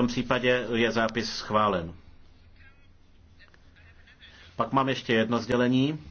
tom případě je zápis schválen. Pak mám ještě jedno sdělení.